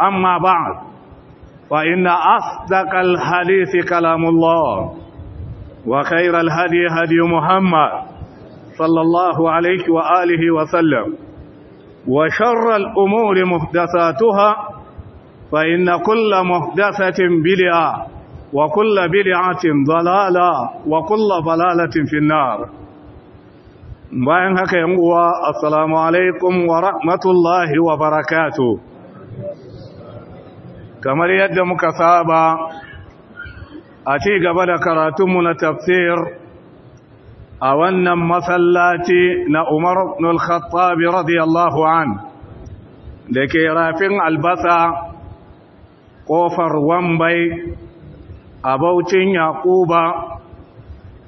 أما بعد فإن أصدق الحديث كلام الله وخير الهدي هدي محمد صلى الله عليه وآله وسلم وشر الأمور محدثاتها فإن كل محدثة بدعة وكل بدعة ضلالة وكل ضلالة في النار باين هكا السلام عليكم ورحمة الله وبركاته kamar yadda muka saba a ci gaba da karatunmu na tafsir a wannan masallaci na Umar ibn al radiyallahu an da ke rafin albasa kofar wambai a Baucin Yakuba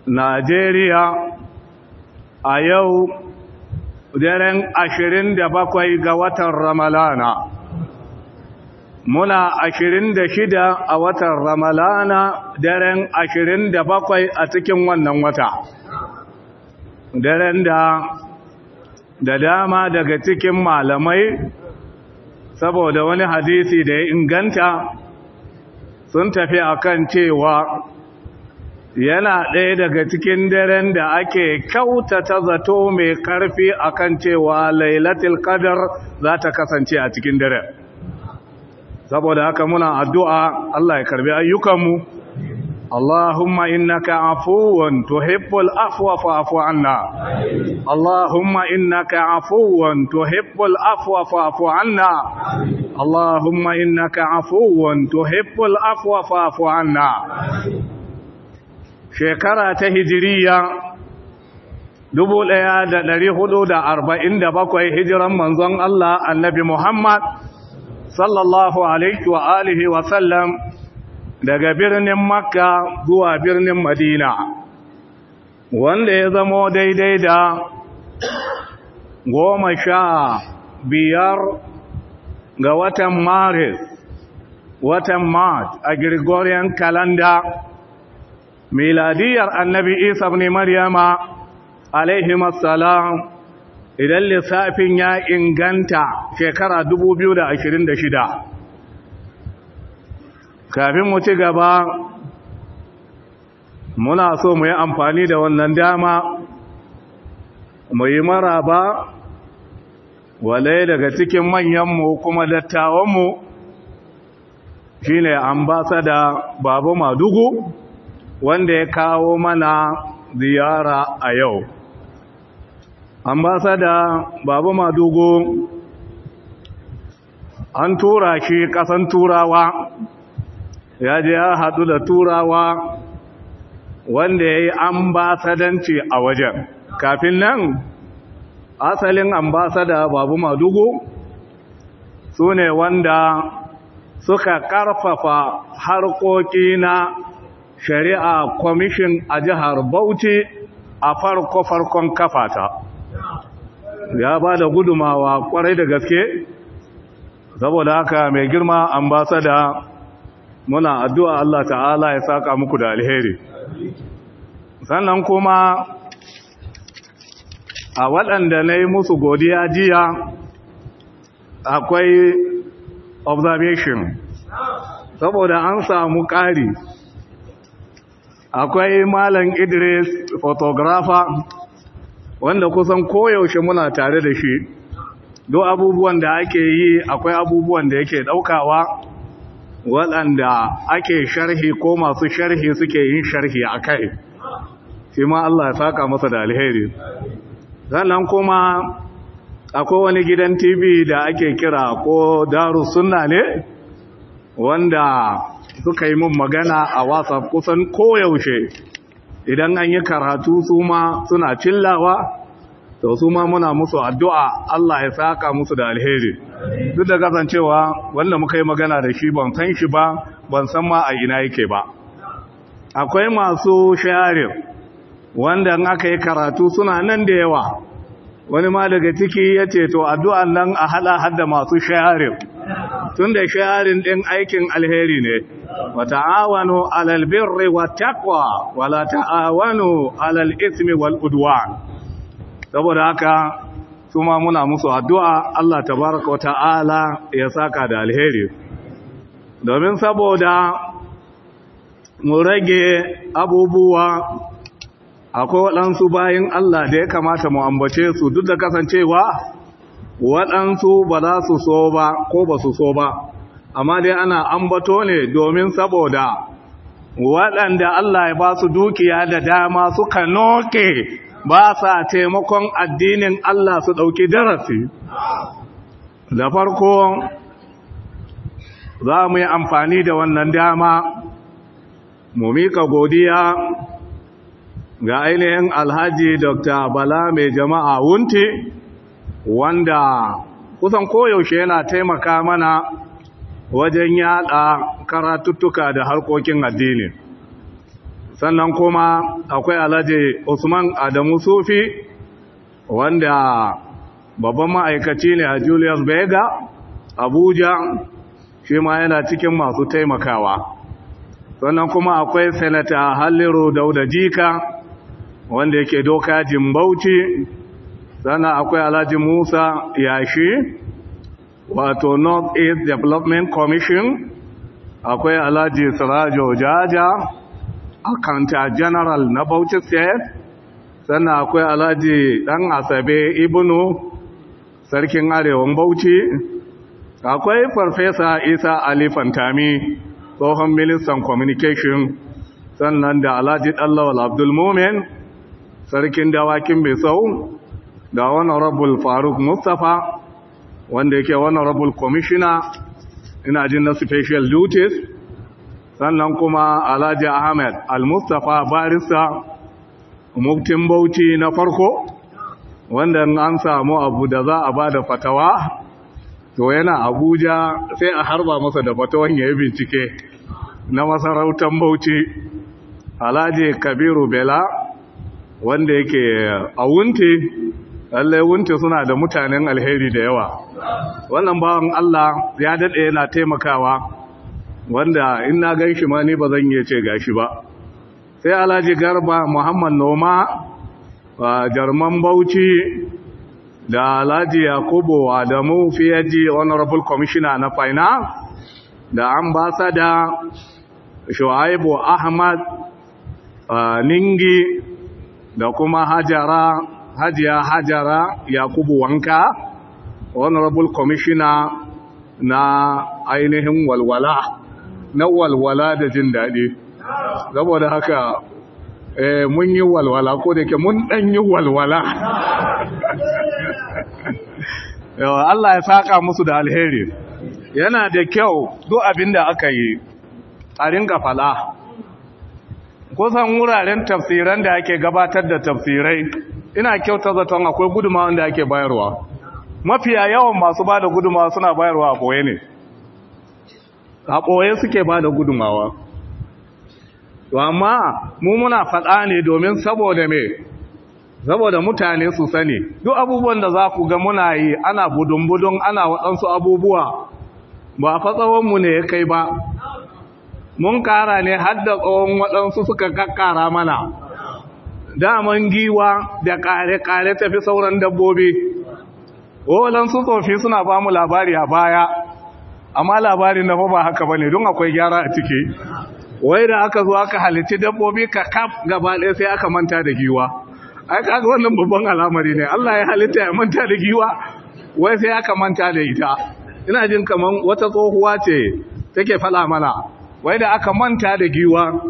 Najeriya a yau daren 27 ga watan Ramalana muna ashirin da shida a watan ramalana daren ashirin da bakwai a cikin wannan wata daren da da dama daga cikin malamai saboda wani hadisi da ya inganta sun tafi akan cewa yana ɗaya daga cikin daren da ake kyautata zato mai ƙarfi akan cewa lailatul qadar za ta kasance a cikin daren saboda haka muna addu'a Allah ya karbi ayyukanmu Allahumma innaka afuwan tuhibbul afwa fa'fu anna Allahumma innaka afuwan tuhibbul afwa fa'fu anna Allahumma innaka afuwan tuhibbul afwa fa'fu anna hijiran manzon Allah annabi Muhammad sallallahu alaihi wa alihi wa sallam daga birnin makka zuwa birnin madina wanda ya zamo daidai da goma sha biyar ga watan maris watan mart a gregorian kalanda miladiyar annabi isa ne maryama alaihi idan lissafin ya inganta shekara 2026 kafin mu ci gaba muna so mu yi amfani da wannan dama mu yi maraba walai daga cikin manyanmu kuma dattawanmu shi ne ambasada babu madugu wanda ya kawo mana ziyara a yau ambasada babu madogo an tura shi kasan turawa ya je ya hadu da turawa wanda ya yi ambasadanci a wajen kafin nan asalin ambasada babu madugu su ne wanda suka ƙarfafa harkoki na shari'a kwamishin a jihar bauchi a farko-farkon kafata ya ba da gudumawa kwarai da gaske saboda haka mai girma an da muna addu'a Allah ta'ala ya saka muku da alheri sannan kuma a waɗanda na yi musu godiya jiya akwai observation saboda an samu ƙari akwai malam idris photographer wanda kusan koyaushe muna tare da shi do abubuwan da ake yi akwai abubuwan da yake daukawa waɗanda ake sharhi ko masu sharhi suke yin sharhi a kai shi ma Allah ya saka masa da alheri sannan kuma akwai wani gidan tv da ake kira ko daru sunna ne wanda suka yi mun magana a whatsapp kusan koyaushe idan an yi karatu su ma suna cillawa to su ma muna musu addu'a Allah ya saka musu da alheri duk da kasancewa wanda muka yi magana da shi ban san shi ba ban san ma a ina yake ba akwai masu shayarin wanda aka yi karatu suna nan da yawa wani ma daga ciki ya ce to addu'an nan a hada hada masu shayarin tun da shayarin ɗin aikin alheri ne wa ta'awanu 'alal birri wat taqwa wa la ta'awanu 'alal ithmi wal'uduwa. saboda haka kuma muna musu addu'a Allah tabaraka wa ta'ala ya saka da alheri domin saboda mu rage abubuwa akwai waɗansu bayan Allah da ya kamata mu ambace su duk da kasancewa waɗansu ba za su so ba ko ba su so ba amma dai ana ambato ne domin saboda waɗanda Allah ya ba su dukiya da dama suka noke ba sa taimakon addinin Allah su ɗauki darasi da farko za mu yi amfani da wannan dama mu mika godiya ga ainihin alhaji dr bala mai jama'a wunti wanda kusan koyaushe yana taimaka mana wajen yada karatuttuka da harkokin addini sannan kuma akwai alhaji usman adamu sufi wanda babban ma'aikaci ne a julius bega abuja shi ma yana cikin masu taimakawa sannan kuma akwai senator halliru dauda jika wanda yake doka jimbauci sannan akwai alhaji musa yashi wato north east development commission akwai alhaji sirajo jaja akanta general na bauchi state sannan akwai alhaji dan asabe ibnu sarkin arewan bauchi akwai farfesa isa ali fantami tsohon ministan communication sannan da alhaji dallawal abdul mumin sarkin dawakin bisau da wani rabul faruk mustapha wanda yake honorable commissioner ina jin na special duties sannan kuma alhaji ahmed al-mustapha barista muftin bauchi na farko wanda an samu abu da za a bada fatawa to yana abuja sai a harba masa da fatawan ya yi bincike na masarautar bauchi alhaji kabiru bela wanda yake a wunti. lallai wunce suna da mutanen alheri da yawa wannan bawan Allah ya daɗe yana taimakawa wanda in na gan shi ma ni ba zan iya ce gashi ba sai alhaji garba muhammad noma jarman bauchi da alhaji yakubu adamu fiyaji honorable commissioner na Faina, da ambassador shu'aibu ahmad ningi da kuma hajara hajiya hajara yakubu wanka honorable commissioner na ainihin walwala na walwala da jin daɗi saboda haka eh, mun yi walwala ko da ke mun ɗan yi walwala Allah ya saƙa musu da alheri yana da kyau duk abin da aka yi a ringa fala kusan wuraren tafsiran da ake gabatar da tafsirai ina kyauta zaton akwai guduma wanda ake bayarwa mafiya yawan masu ba da guduma suna bayarwa a ɓoye ne a ɓoye suke ba da gudumawa amma mu muna faɗa ne domin saboda me saboda mutane su sani duk abubuwan da za ku ga muna yi ana budun-budun ana waɗansu abubuwa ba a fatsawonmu ne ya kai ba mun ƙara ne har da tsawon waɗansu suka kakkara mana daman giwa da kare-kare tafi sauran dabbobi su tsofi suna ba mu labari a baya amma labarin na ba haka ba ne, don akwai gyara a ciki wai da aka zo aka halitti dabbobi ka kaf gaba ɗaya sai aka manta da giwa ai kaga wannan babban al'amari ne Allah ya halitta ya manta da giwa wai sai aka manta da ita ina jin kaman wata tsohuwa ce take faɗa mana wai da aka manta da giwa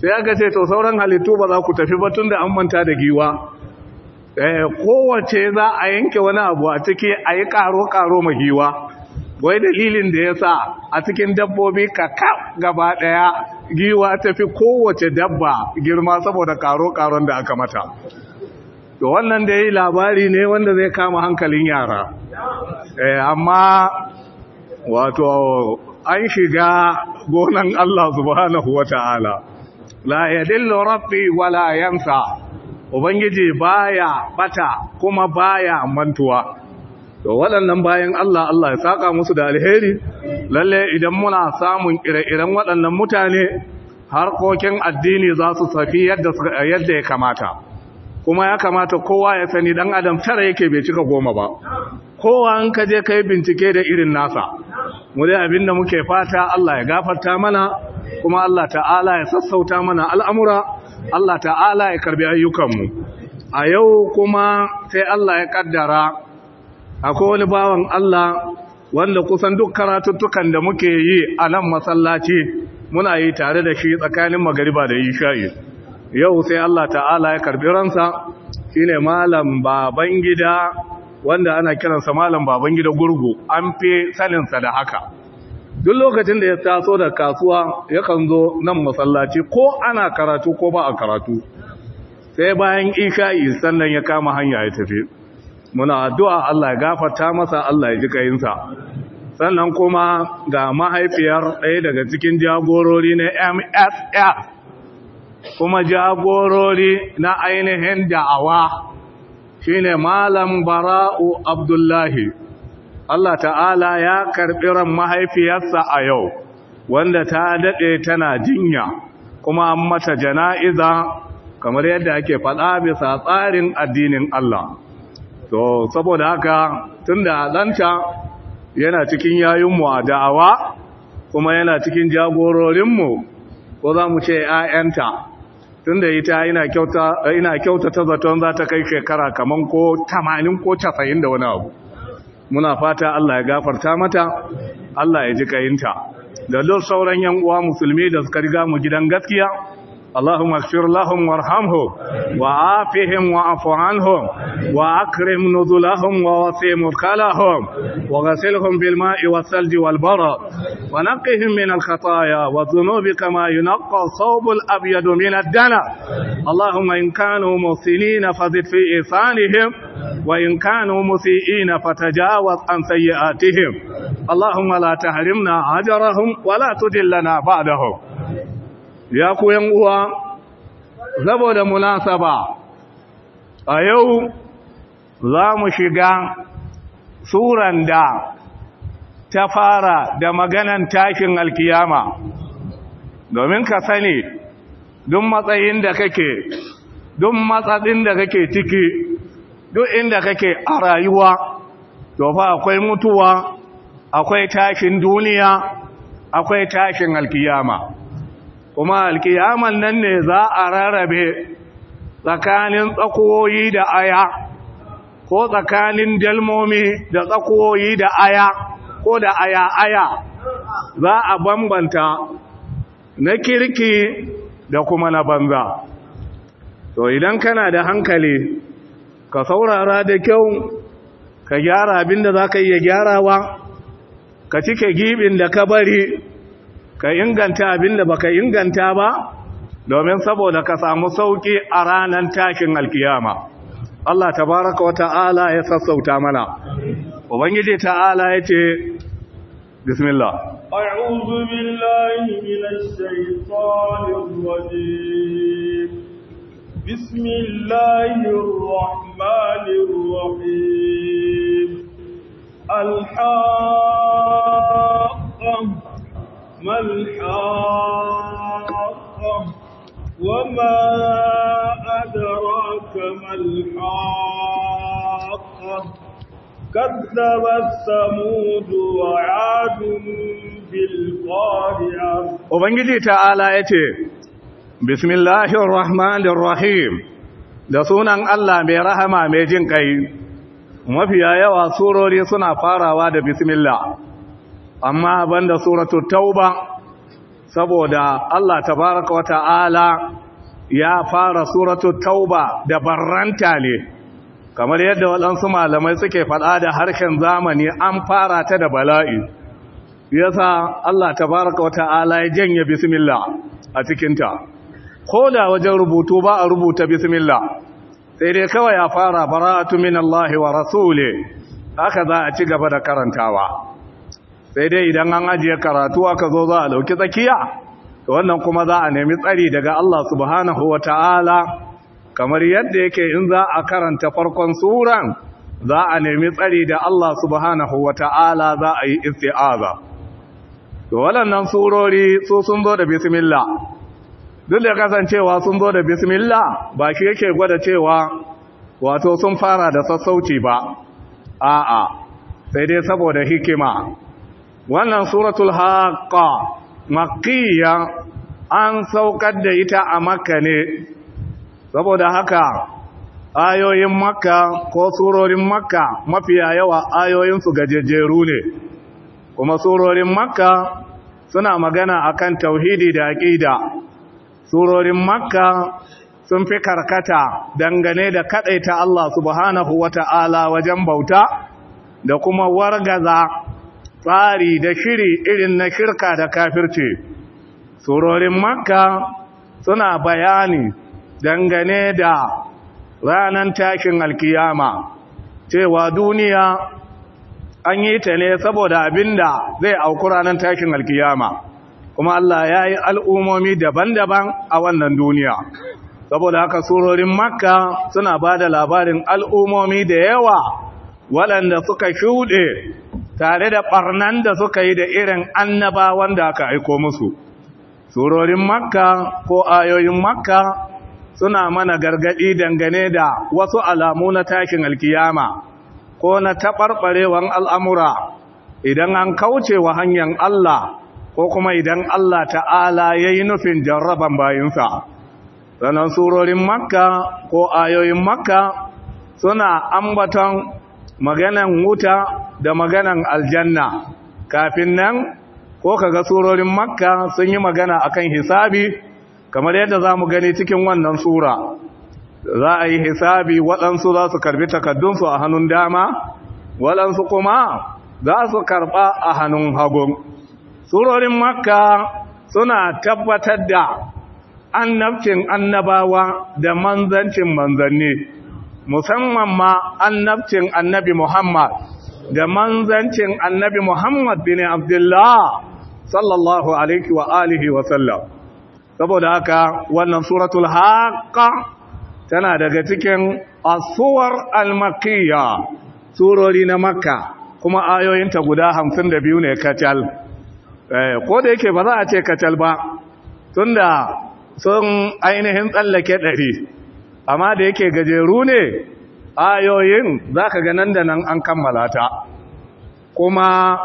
sai aka ce to sauran halittu ba za ku tafi ba tun da an manta da giwa eh, kowace za a yanke wani abu a ciki a yi karo-karo ma giwa wai dalilin da ya sa a cikin dabbobi ka kaka gaba daya giwa tafi kowace dabba girma saboda karo-karon da aka mata to wannan da yi labari ne wanda zai kama hankalin yara eh, amma wato an shiga gonan Allah subhanahu wa la yadillu rabbi wala yansa ubangiji baya bata kuma baya mantuwa to waɗannan bayan Allah Allah ya saka musu da alheri lalle idan muna samun ire-iren waɗannan mutane harkokin addini za su safi yadda yadda ya kamata kuma ya kamata kowa ya sani dan adam tara yake bai cika goma ba kowa an ka kai bincike da irin nasa mu dai abinda muke fata Allah ya gafarta mana kuma Allah ta'ala ya sassauta mana al'amura Allah ta'ala ya karbi ayyukanmu a yau kuma sai Allah ya kaddara akwai wani bawan Allah wanda kusan duk karatuttukan da muke yi a nan masallaci muna yi tare da shi tsakanin magariba da isha'i yau sai Allah ta'ala ya karbi ransa shi ne malam Babangida, wanda ana kiransa malam Babangida gurgu an fi saninsa da haka duk lokacin da ya taso da kasuwa yakan zo nan masallaci ko ana karatu ko ba a karatu sai bayan isha'i sannan ya kama hanya ya tafi muna addu'a Allah ya gafarta masa Allah ya ji kayinsa sannan kuma ga mahaifiyar ɗaya daga cikin jagorori na MSF kuma jagorori na ainihin da'awa shine malam bara'u abdullahi Allah ta'ala ya karɓi ran mahaifiyarsa a yau wanda ta daɗe tana jinya kuma an mata jana'iza kamar yadda ake faɗa bisa tsarin addinin Allah to saboda haka tunda ɗanta yana cikin yayinmu a da'awa kuma yana cikin jagororinmu ko za mu ce 'ya'yanta tunda ita ina kyauta ina kyautata zaton za ta kai shekara kamar ko 80 ko 90 da wani abu muna fata Allah ya gafarta mata Allah ya ji kayinta da duk sauran yan uwa musulmi da suka riga mu gidan gaskiya اللهم اغفر لهم وارحمهم وعافهم واعف عنهم وأكرم نزلهم ووسع مركلهم وغسلهم بالماء والثلج والبرد ونقهم من الخطايا والذنوب كما ينقى الثوب الأبيض من الدنا اللهم إن كانوا محسنين فزد في إحسانهم وإن كانوا مسيئين فتجاوز عن سيئاتهم اللهم لا تحرمنا أجرهم ولا تدلنا بعدهم ya koyan uwa saboda munasaba a yau za mu shiga suran da ta fara da maganan tashin alkiyama domin ka sani duk matsayin da kake duk matsatsin da kake ciki duk inda kake a rayuwa to fa akwai mutuwa akwai tashin duniya akwai tashin alkiyama kuma alkiyaman nan ne za a rarrabe tsakanin tsakuwoyi da aya ko tsakanin dalmomi da tsakuwoyi da aya ko da aya-aya za a bambanta na kirki da kuma na banza to idan kana da hankali ka saurara da kyau ka gyara abinda za ka iya gyarawa ka cike gibin da ka bari ka inganta abin da baka inganta ba domin saboda ka samu sauki a ranar tashin alkiyama Allah tabaraka wa ta'ala ya sassauta mana ubangiji ta'ala ya ce bismillah a'udhu billahi minash shaitanir rajim bismillahir rahmanir rahim al الحاقة ما الحاقة وما أدراك ما الحاقة كذبت وعاد بالقارعة وبنجي تعالى يتي بسم الله الرحمن الرحيم da sunan Allah mai rahama mai jin ƙai mafiya yawa surori suna farawa da bismillah amma banda suratu tauba saboda Allah tabaraka wata'ala ya fara suratu tauba da barranta ne kamar yadda waɗansu malamai suke faɗa da harshen zamani an fara ta da bala'i yasa Allah tabaraka wata'ala ya janye bismillah a cikinta ko da wajen rubutu ba a rubuta bismillah sai dai kawai ya fara bara'atu minallahi wa rasuli haka za a ci gaba da karantawa sai dai idan an ajiye karatu aka zo za a dauki tsakiya to wannan kuma za a nemi tsari daga Allah subhanahu ta'ala, kamar yadda yake in za a karanta farkon suran za a nemi tsari da Allah subhanahu ta'ala za a yi isti'aza to waɗannan surori su sun zo da bismillah duk da kasancewa sun zo da bismillah ba shi yake gwada cewa wato sun fara da sassauci ba a'a sai dai saboda hikima wannan suratul haqqa makkiya an saukar da ita a makka ne saboda haka ayoyin makka ko surorin makka mafiya yawa ayoyinsu gajejeru ne kuma surorin makka suna magana akan tauhidi da aqida surorin makka sun fi karkata dangane da kadaita Allah subhanahu wata'ala wajen bauta da kuma wargaza tsari da shiri irin na shirka da kafirce surorin makka suna bayani dangane da ranar tashin alkiyama cewa duniya an yi ta ne saboda abinda zai auku ranar tashin alkiyama kuma Allah ya yi al'umomi daban-daban a wannan duniya saboda haka surorin makka suna ba da labarin al'umomi da yawa waɗanda suka shuɗe tare da barnan da suka yi da irin annabawan da aka aiko musu surorin makka ko ayoyin makka suna mana gargadi dangane da wasu alamu na takin alkiyama ko na taɓarɓarewan al'amura idan an kauce wa hanyar Allah ko kuma idan Allah ta'ala ya yi nufin jarraban bayinsa sannan surorin makka ko ayoyin makka suna ambaton maganan wuta da maganan aljanna kafin nan ko kaga surorin makka sun yi magana akan hisabi kamar yadda za mu gani cikin wannan sura za a yi hisabi waɗansu za su karbi takaddunsu a hannun dama waɗansu kuma za su karɓa a hannun hagu surorin makka suna tabbatar da annabcin annabawa da manzancin manzanni musamman ma annabcin annabi Muhammad da manzancin annabi Muhammad bin Abdullah sallallahu alaihi wa alihi wa sallam saboda haka wannan suratul tana daga cikin asuwar al-makkiyya surori na makka kuma ayoyinta guda 52 ne kacal eh ko da yake ba za a ce kacal ba tunda sun ainihin tsallake ɗari amma da yake gajeru ne ayoyin za ka ganan da nan an kammala ta kuma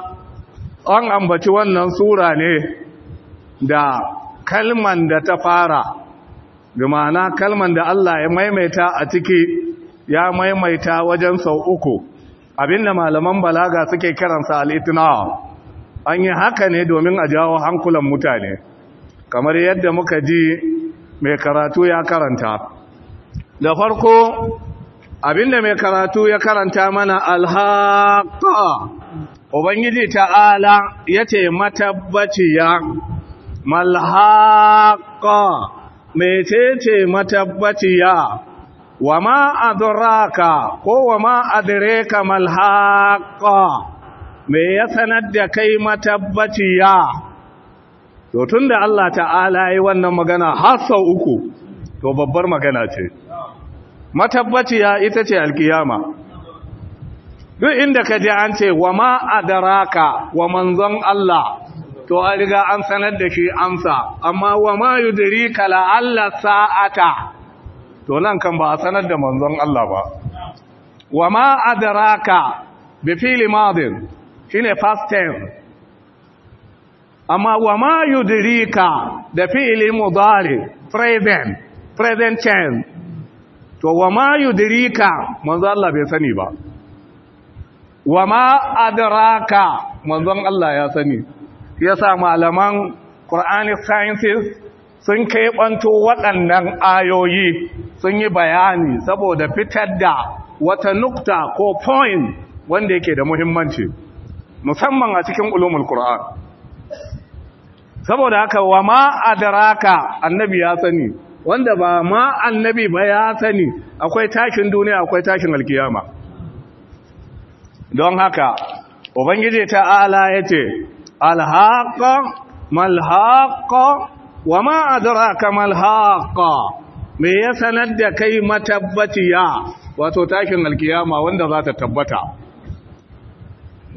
an ambaci wannan sura ne da kalman da ta fara da kalman da Allah ya maimaita a ciki ya maimaita wajen sau uku abinda malaman balaga suke kiransa al'itinawa an yi haka ne domin a jawo hankulan mutane kamar yadda muka ji mai karatu ya karanta da farko abinda mai karatu ya karanta mana alhaƙa, ubangiji ta'ala yace matabbaciya malhaqa mecece matabbaciya wa ma adraka ko wa ma adraka malhaqa me ya sanar da kai matabbaciya to da Allah ta'ala ya yi wannan magana har sau uku to babbar magana ce matabbaciya ita ce alkiyama duk inda ka ji an ce wa ma adaraka wa manzon Allah to a riga an sanar da shi amsa amma wa ma yudrika la alla sa'ata to nan kan ba a sanar da manzon Allah ba wa ma adaraka bi fi'li madin shine past tense amma wa ma yudrika da fi'li mudari present present tense to wa ma yudrika manzon Allah bai sani ba wa ma adraka manzon Allah ya sani yasa malaman Qur'ani sciences sun kai banto waɗannan ayoyi sun yi bayani saboda fitar da wata nukta ko point wanda yake da muhimmanci musamman a cikin ulumul Qur'an saboda haka wa ma adraka annabi ya sani wanda ba ma annabi ba ya sani akwai tashin duniya akwai tashin alkiyama don haka ubangiji ta'ala ya ce alhaƙa malhaƙa wa ma adraka malhaƙa me ya sanar da kai matabbaciya wato tashin alkiyama wanda za ta tabbata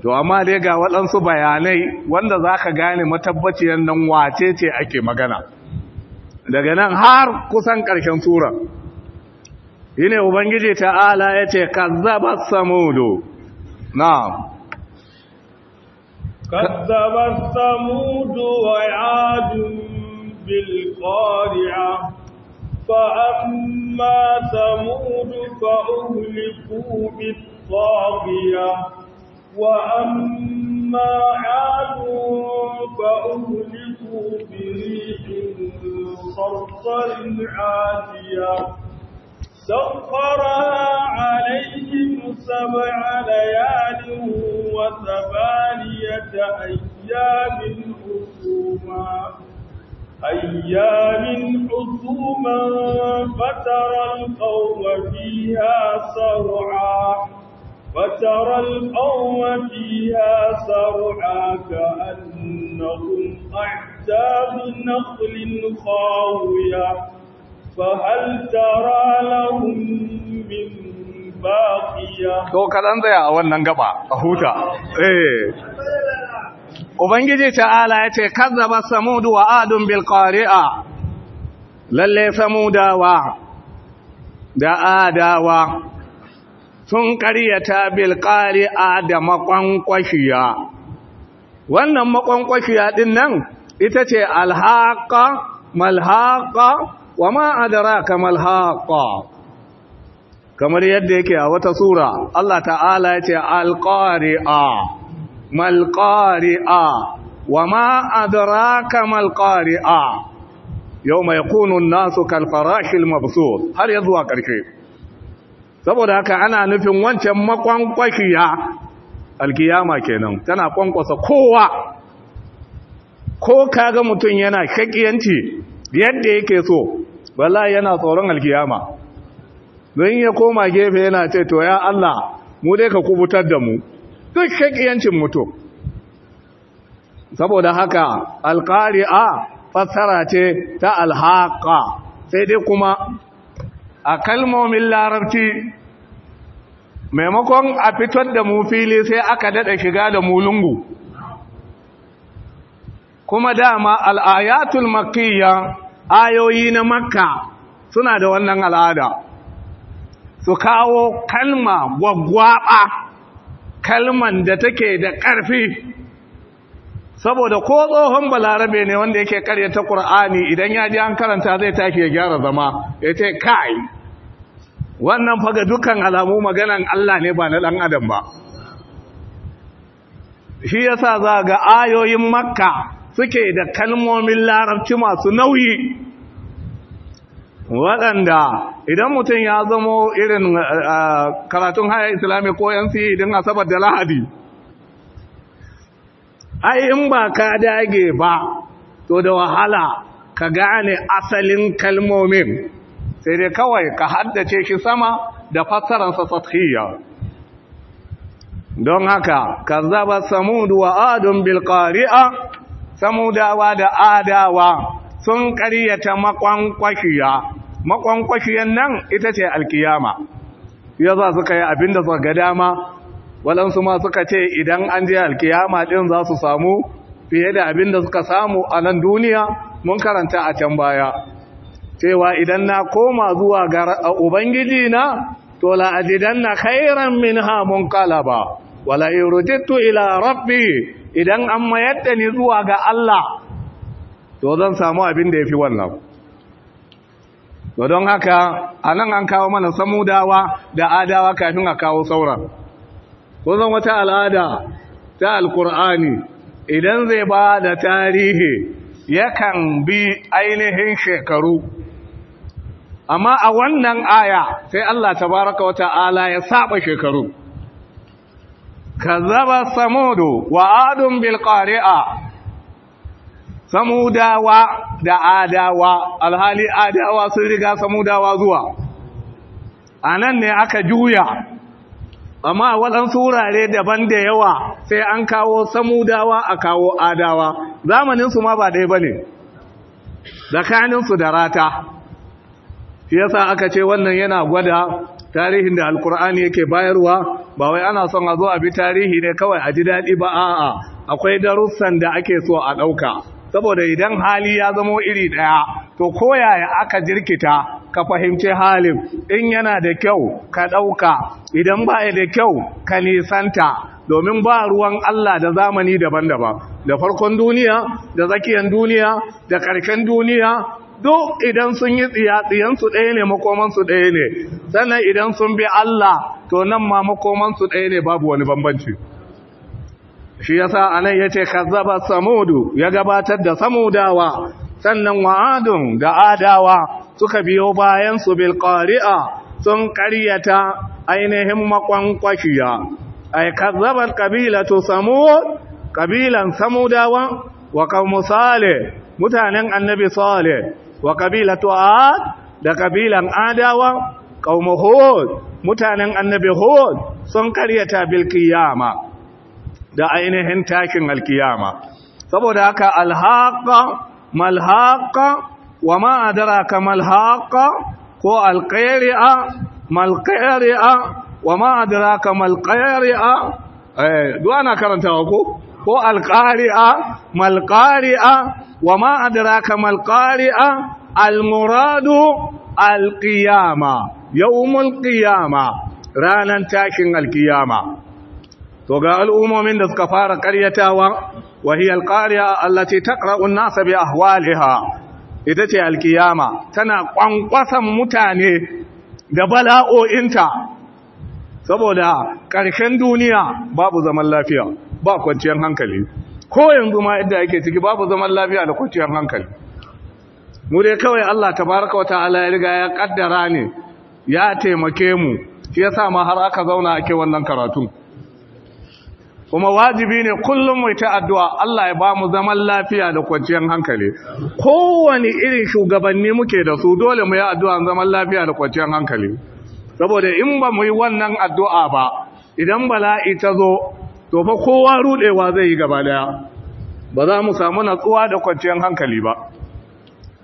to amma dai ga waɗansu bayanai wanda za ka gane matabbaciyar nan wace ce ake magana daga nan har kusan ƙarshen sura, yi ubangiji ta'ala ya ce ƙazzabar samudu na ƙazzabar samudu wa yadun bilkoriya fa'amma samudu fa'uli kubi tsogiya wa'amma yadun fa'uli kubi riya صرصر عاتية سخرها عليهم سبع ليال وثمانية أيام حكوما أيام حكوما فترى القوم فيها صرعا فترى القوم فيها سرعا كأنهم أعجاب نخل خاوية فهل ترى لهم من باقية to kaɗan tsaya a wannan gaba a huta eh. Ubangiji ta'ala ya ce, Kazzaba samudu wa adun lallai lalle samudawa da adawa sun ƙaryata ƙari'a da maƙwanƙwashiya wannan maƙwanƙwashiya ɗin nan ita ce alhaƙa malhaƙa wa ma'adara ka malhaƙa kamar yadda yake a wata sura Allah ta'ala ya ce alƙari'a malƙari'a wa ma'adara ka malƙari'a yau mai kunun nasu farashin mabsur har yanzu a ƙarshe saboda haka ana nufin wancan makwankwakiya alkiyama kenan tana kwankwasa kowa ko kaga mutum yana shakiyanci yadda yake so wallahi yana tsoron alkiyama don ya koma gefe yana ce to ya Allah mu dai ka kubutar da mu duk shakiyancin mutum saboda haka A fassara ce ta alhaka sai dai kuma a kalmomin larabci maimakon a fitar da mu fili sai aka daɗa shiga da mu lungu kuma dama al'ayatul makiyya ayoyi na makka suna da wannan al'ada su kawo kalma gwaggwaɓa kalman da take da ƙarfi saboda ko tsohon balarabe ne wanda yake ta Kur'ani idan ya ji an karanta zai take ya gyara zama ya ce kai wannan faga dukkan alamu maganan Allah ne ba na ɗan adam ba shi yasa za ga ayoyin makka suke da kalmomin larabci masu nauyi waɗanda idan mutum ya zamo irin eh, karatun haya islami ko yansu idan e asabar da lahadi ai in ba ka dage ba to da wahala ka gane asalin kalmomin sai dai kawai ka haddace shi sama da sa sathiya don haka kazzaba samudu wa adun bil qari'a samudawa da adawa sun ƙaryata makwankwashiya makwankwashiyan nan ita ce alkiyama ya za su kai abinda suka ga dama waɗansu ma suka ce idan an ji alkiyama ɗin za su samu fiye da abin da suka samu a nan duniya mun karanta a can baya cewa idan na koma zuwa ga ubangiji na to la na khairan minha ba wala irjitu ila rabbi idan an mayar da ni zuwa ga Allah to zan samu abin da yafi wannan don haka anan an kawo mana samudawa da adawa kafin a kawo sauran zan wata al'ada ta alkur'ani idan zai ba da tarihi yakan bi ainihin shekaru amma a wannan aya sai Allah tabaraka wa ta'ala ya saba shekaru kazzaba samudu wa adun bil qari'a samudawa da adawa alhali adawa sun riga samudawa zuwa anan ne aka juya amma waɗansu wurare daban da yawa sai an kawo samudawa a kawo adawa zamanin su ma ba ɗaya ba ne tsakaninsu da rata shi yasa aka ce wannan yana gwada tarihin da alkur'ani yake bayarwa ba wai ana son a zo a bi tarihi ne kawai a ji daɗi ba a'a akwai darussan da ake so a ɗauka saboda idan hali ya zamo iri ɗaya to koyaya aka jirkita ka fahimci halin in yana da kyau ka ɗauka idan ba ya da kyau ka nisanta domin ba ruwan Allah da zamani daban-daban da farkon duniya da tsakiyar duniya da ƙarshen duniya duk idan sun yi tsiyatsiyansu ɗaya ne makomansu ɗaya ne sannan idan sun bi Allah to nan ma makomansu ɗaya ne babu wani bambanci shi yasa anan yace kazzaba samudu ya gabatar da samudawa sannan wa'adun da adawa suka biyo bayan su bil sun karyata ainihin makwankwakiya ay ƙabilatu samu samud qabilan samudawa wa qaumu mutanen annabi sale wa qabilatu ad da qabilan adawa qaumu hud mutanen annabi hud sun karyata bil da ainihin tashin alkiyama saboda haka alhaqa malhaqa wa ma adraka mal haqa ko al qari'a mal qari'a wa ma adraka mal qari'a eh duk ana karantawa ko ko al qari'a mal qari'a wa ma adraka mal qari'a al muradu al qiyama yawmul qiyama ranan tashin al qiyama to ga al'ummomin da suka fara ƙaryatawa wa hiya al-qariya allati taqra'u nasa ita ce alkiyama tana kwankwasan mutane da bala'o'inta saboda ƙarshen duniya babu zaman lafiya ba kwanciyar hankali ko yanzu ma yadda ake ciki babu zaman lafiya da kwanciyar hankali mu dai kawai Allah tabaraka wa ta'ala ya riga ya kaddara ne ya taimake mu shi yasa ma har aka zauna ake wannan karatun kuma wajibi ne kullum mu ta addu'a Allah ya ba mu zaman lafiya da kwanciyar hankali kowane irin shugabanni muke da su dole mu yi addu'a zaman lafiya da kwanciyar hankali saboda in ba mu yi wannan addu'a ba idan bala'i ta zo to fa kowa rudewa zai yi gaba daya ba za mu samu natsuwa da kwanciyar hankali ba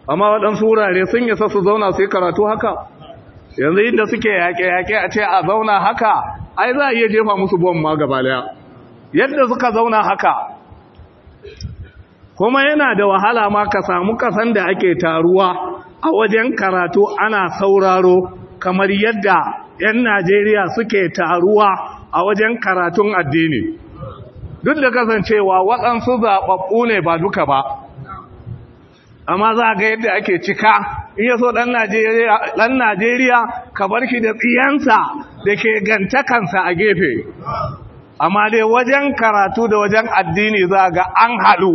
amma waɗansu wurare sun yi su zauna su yi karatu haka yanzu inda suke yaƙe-yaƙe a ce a zauna haka ai za a iya jefa musu bom ma gaba daya yadda suka zauna haka kuma yana da wahala ma ka samu kasan da ake taruwa a wajen karatu ana sauraro kamar yadda 'yan Najeriya suke taruwa a wajen karatun addini duk da kasancewa waɗansu zaɓaɓɓu ne ba duka ba amma za ga yadda ake cika iya so ɗan Najeriya ka bar shi da tsiyansa da ke gantakansa a gefe amma dai wajen karatu da wajen addini za ga an haɗu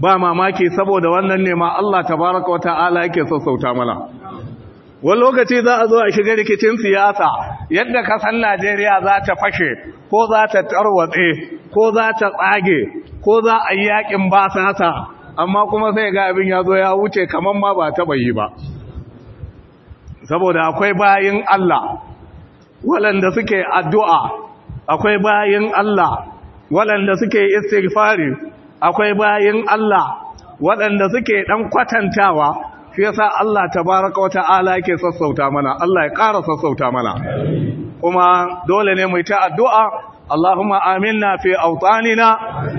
ba mamaki saboda wannan nema ma Allah tabaraka wa ta'ala yake sassauta mana wani lokaci za a zo a shiga rikicin siyasa yadda kasan Najeriya za ta fashe ko za ta tarwatse ko za ta tsage ko za a yi yakin basasa amma kuma sai ga abin ya zo ya wuce kamar ma ba taɓa yi ba saboda akwai bayin Allah waɗanda suke addu'a akwai bayan Allah waɗanda suke istighfari akwai bayan Allah waɗanda suke ɗan kwatantawa shi yasa Allah tabaraka wa ta'ala yake sassauta mana Allah ya ƙara sassauta mana kuma dole ne mu yi ta addu'a Allahumma aminna fi autanina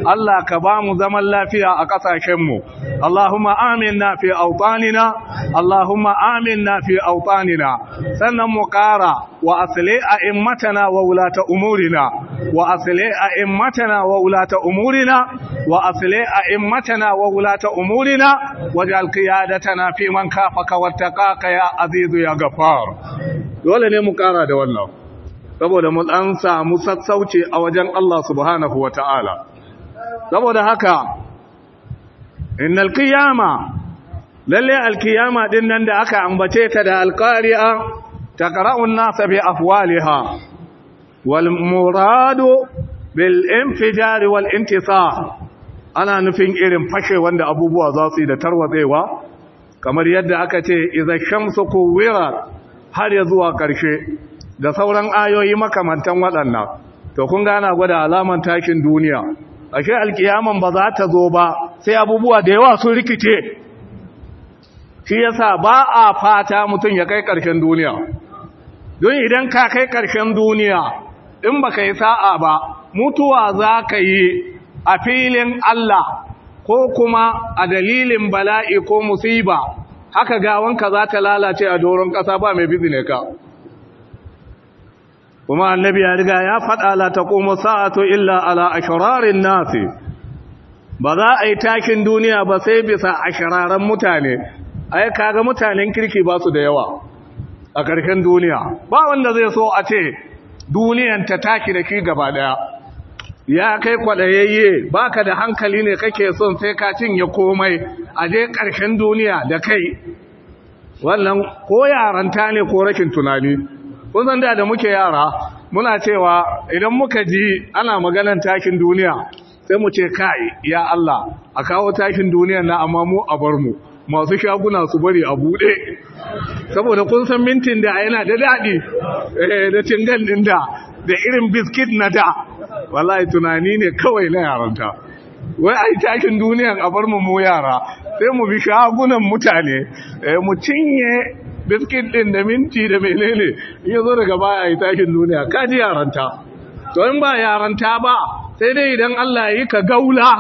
Allah ka bamu zaman lafiya a ƙasashenmu Allahumma aminna fi autanina Allahumma aminna fi autanina sannan mu ƙara wa asli a immatana wa wulata umurina wa asli a immatana wa wulata umurina wa asli a immatana wa wulata umurina waj'al qiyadatana fi man kafaka wattaqaka ya azizu ya gafar dole ne mu ƙara da wannan saboda mu dan samu sassauce a wajen Allah subhanahu wataala saboda haka innal qiyama lalle alkiyama din nan da aka ambace ta da alqari'a taqra'un nas bi afwaliha wal muradu bil infijar wal intisah ana nufin irin fashe wanda abubuwa za su yi da tarwatsewa kamar yadda aka ce idza shamsu kuwirat har ya zuwa ƙarshe da sauran ayoyi makamantan waɗannan to kun gana gwada alaman tashin duniya ashe alkiyaman ba za ta zo ba sai abubuwa da yawa sun rikice shi yasa ba a fata mutum ya kai ƙarshen duniya don idan ka kai ƙarshen duniya in ba ka yi sa'a ba mutuwa za ka yi a filin Allah ko kuma a dalilin bala'i ko musiba haka gawanka za ta lalace a doron ƙasa ba mai bizine ka kuma annabi ya riga ya faɗalata la taqumu sa'atu illa ala ashrarin nasi ba za a yi takin duniya ba sai bisa ashrarin mutane ai kaga mutanen kirki ba su da yawa a ƙarshen duniya ba wanda zai so a ce duniyan ta taki da ki gaba daya ya kai kwaɗayayye baka da hankali ne kake son sai ka cinye komai a je ƙarshen duniya da kai wannan ko yaranta ne ko rashin tunani kun san da da muke yara muna cewa idan muka ji ana maganar takin duniya sai mu ce kai ya Allah a kawo takin duniya na amma mu a bar mu masu shaguna su bari a bude saboda kun san mintin da yana da dadi eh, da tingan din da da irin biskit na da wallahi tunani ne kawai na yaranta wai ai takin duniya a bar mu mu yara sai mu bi shagunan mutane eh, mu cinye biskit din da minti da menene ya zo daga baya yi takin duniya ka ji yaranta to in ba yaranta ba sai dai idan Allah yi ka gaula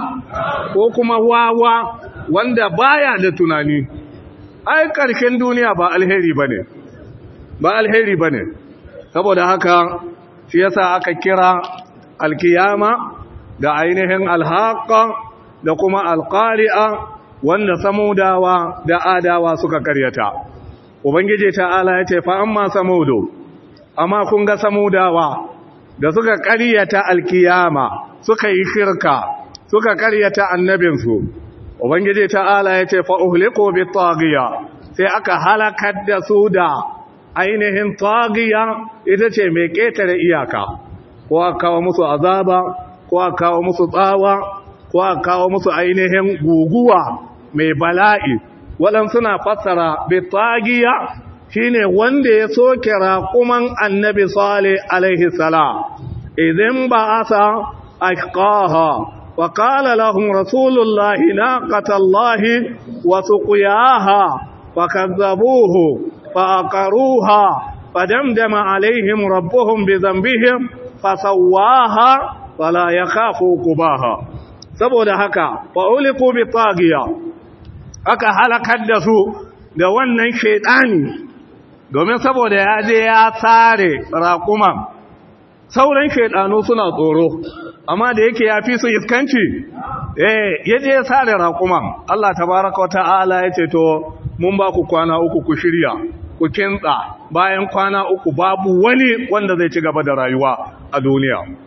ko kuma wawa wanda baya da tunani ai karshen duniya ba alheri bane ba alheri bane saboda haka shi yasa aka kira alkiyama da ainihin alhaqa da kuma alqari'a wanda samudawa da adawa suka karyata ubangiji ta'ala ya ce fa amma samudu amma kun ga samudawa da suka ƙaryata alkiyama suka yi shirka suka ƙaryata annabinsu ubangiji ta'ala ya ce fa uhliqu bi taghiya sai aka halakar da su da ainihin taghiya ita ce mai ƙetare iyaka ko a kawo musu azaba ko a kawo musu tsawa ko a kawo musu ainihin guguwa mai bala'i waɗansu suna fassara shi shine wanda ya soke raƙuman annabi sale alaihi sala idan ba asa ashqaha wa qala lahum rasulullahi naqatallahi wa suqiyaha فكذبوه فأقروها فدمدم عليهم ربهم ya فسواها ku ba saboda haka fa'uliku bi tagiya aka halakar da su da wannan shaitani domin saboda ya je ya tsare raƙuman, sauran shaiɗanu suna tsoro amma da yake ya fi su iskanci eh ya je ya tsare raƙuman Allah tabaraka wa ta'ala ya ce to mun ba ku kwana uku ku shirya ku kintsa bayan kwana uku babu wani wanda zai ci gaba da rayuwa a duniya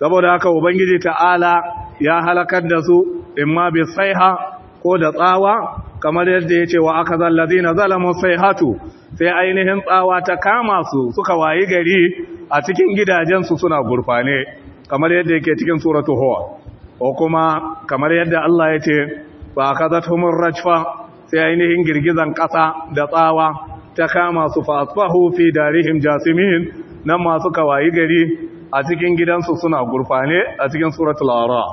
saboda haka ubangiji ta'ala ya halakar da su imma bi saiha ko da tsawa kamar yadda ya ce wa aka zallazi na zalamun sai hatu sai ainihin tsawa ta kama su suka wayi gari a cikin gidajensu suna gurfane kamar yadda yake cikin suratu hawa ko kuma kamar yadda Allah ya ce ba aka zatumin rajfa sai ainihin girgizan ƙasa da tsawa ta kama su fasfahu fi darihim jasimin nan masu suka gari a cikin gidansu suna gurfane a cikin suratu ara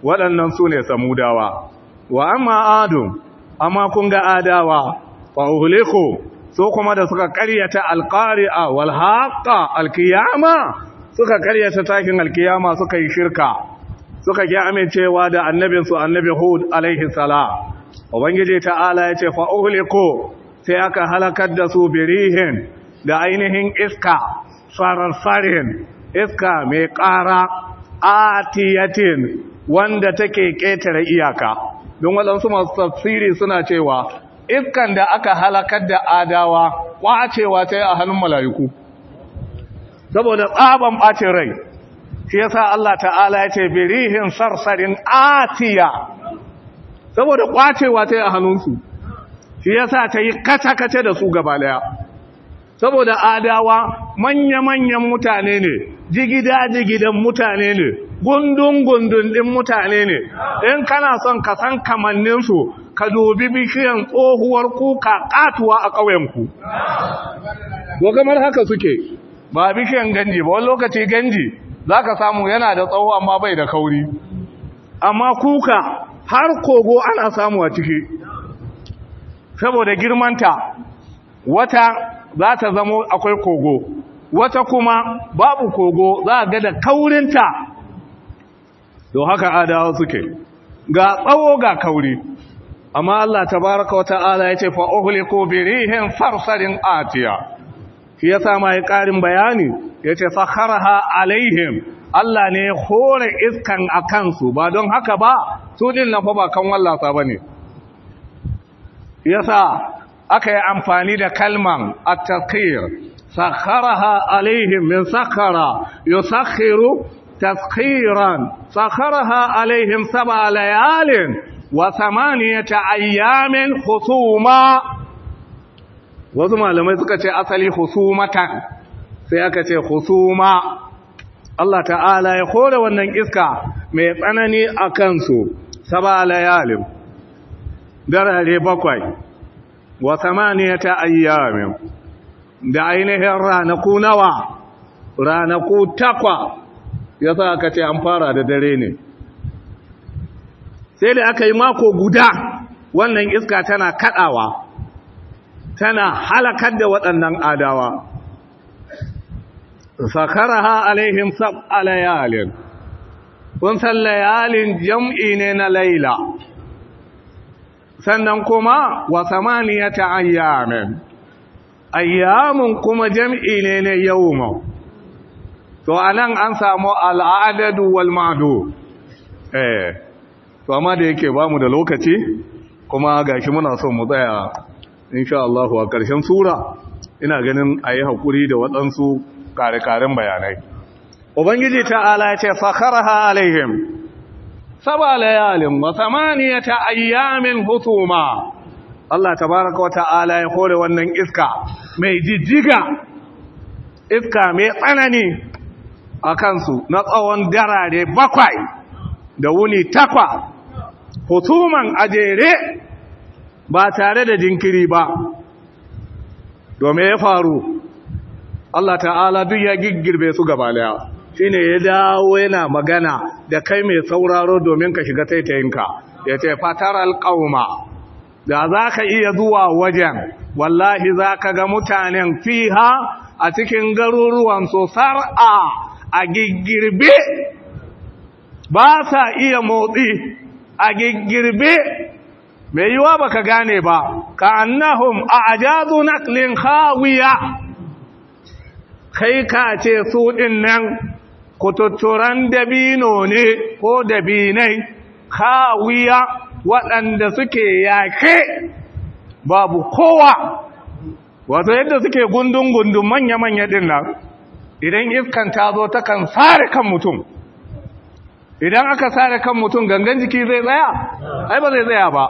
waɗannan su ne samudawa wa amma adu amma kun ga adawa fa uhliku so kuma da suka karyata alqari'a wal haqa alqiyama suka karyata takin alqiyama suka yi shirka suka ki amincewa da annabin su annabi hud alaihi salam ubangiji ta'ala yace fa uhliku sai aka halakar da su birihin da ainihin iska farin iska mai ƙara atiyatin wanda take ƙetare iyaka don waɗansu masu tafsiri suna cewa iskan da aka halakar da adawa ƙwacewa ta yi a hannun mala'iku saboda tsaban ɓacin rai shi ya sa Allah ta'ala ya ce birihin sarsarin atiya saboda ƙwacewa ta yi a hannunsu shi ya sa ta yi kace-kace da su gaba daya saboda adawa manya-manyan mutane ne jigida-jigidan mutane ne gundun-gundun ɗin mutane ne, in kana son ka san kamanninsu, ka dubi bishiyan tsohuwar kuka ƙatuwa a ƙauyenku. Wagamar haka suke, ba bishiyan ganji, ba wani lokaci ganji za ka samu yana da tsawo amma bai da kauri. Amma kuka har kogo ana samu a ciki, saboda girmanta wata za ta zamo akwai kogo. Wata kuma babu kogo za a ga da kaurinta to haka adawa suke ga tsawo ga kauri amma Allah tabaraka wata'ala yace fa uhliku ko birihin farsarin atiya shi yasa ya ƙarin bayani Ya yace sakharaha alaihim Allah ne hore iskan a kansu. ba don haka ba su din ba kan wallasa bane yasa aka yi amfani da kalman at-taqir sakharaha alaihim min sakhara yusakhiru تسخيرا سخرها عليهم سبع ليال وثمانية أيام خصوما وثم لما يذكر أصلي خصومة سيكتي خصوما Allah ta'ala ya kore wannan iska mai tsanani a kansu saba layalim darare bakwai wa samaniyata ayyamin da ainihin ranaku nawa ranaku takwa ya sa aka ce an fara da dare ne sai da aka yi mako guda wannan iska tana kadawa tana halakar da waɗannan adawa ha alaihim sab'a layalin kun san layalin jam'i ne na laila sannan kuma wa samaniyata ayyamin ayyamin kuma jam'i ne na yawma to anan an samu al'adadu wal ma'du eh to amma da yake bamu da lokaci kuma gashi muna son mu tsaya insha Allah a ƙarshen sura ina ganin ayi hakuri da waɗansu ƙare karen bayanai ubangiji ta'ala ya ce fakharaha alaihim saba layalin wa samaniyata ayyamin husuma Allah tabaraka wa ta'ala ya kore wannan iska mai jijjiga iska mai tsanani a kansu na tsawon darare bakwai da wuni takwa hutuman ajere ba tare da jinkiri ba domin ya faru Allah ta'ala duk ya giggirbe su gabalaya shi ne ya dawo yana magana da kai mai sauraro domin ka shiga taitayinka ya ce fatar alƙauma da za ka iya zuwa wajen wallahi za ka ga mutanen fiha a cikin garuruwan su sar'a a giggirbe ba sa iya motsi a giggirbe mai yiwa ba ka gane ba ka annahum a ajazu naklin khawiya kai ka ce su ɗin nan kututturan dabino ne ko dabinai kawiya waɗanda suke yake babu kowa wato yadda suke gundun-gundun manya-manya ɗin nan idan iskan ta zo takan sare kan mutum idan aka sare kan mutum gangan jiki zai tsaya ai ba zai tsaya ba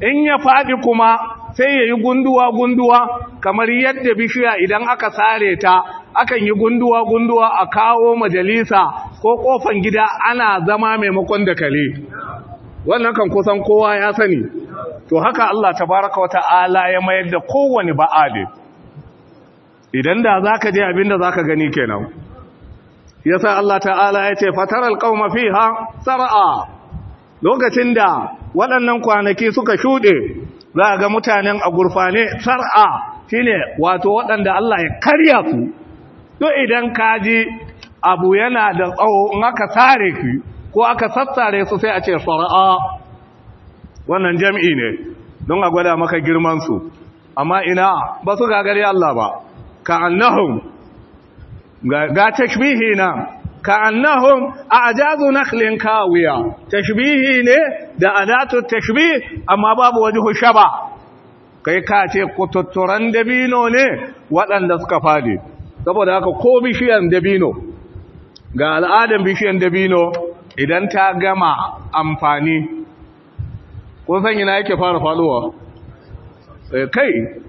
in ya faɗi kuma sai ya yi gunduwa-gunduwa kamar yadda bishiya idan aka sare ta akan yi gunduwa-gunduwa a kawo majalisa ko ƙofan gida ana zama maimakon da kale wannan kan kusan kowa ya sani to haka Allah ta baraka wata ala ya mayar da kowane ba'ade idan da za ka je abinda za ka gani kenan ya sa Allah ta'ala ya ce fataral ƙauma fi ha tsara'a lokacin da waɗannan kwanaki suka shuɗe za a ga mutanen a gurfane tsara'a shi ne wato waɗanda Allah ya karya su to idan ka ji abu yana da tsawo in aka sare ki ko aka sassare su sai a ce tsara'a wannan jam'i ne don a gwada maka girmansu amma ina ba su gagari Allah ba ka'annahum ga tashbihi na a a'jazu nakhlin kawuya tashbihi ne da adatu tashbi amma babu wajhu shaba kai ka ce kututturan dabino ne waɗanda suka fadi saboda haka ko bishiyan dabino ga al'adar bishiyan dabino idan ta gama amfani kun san ina yake fara faduwa kai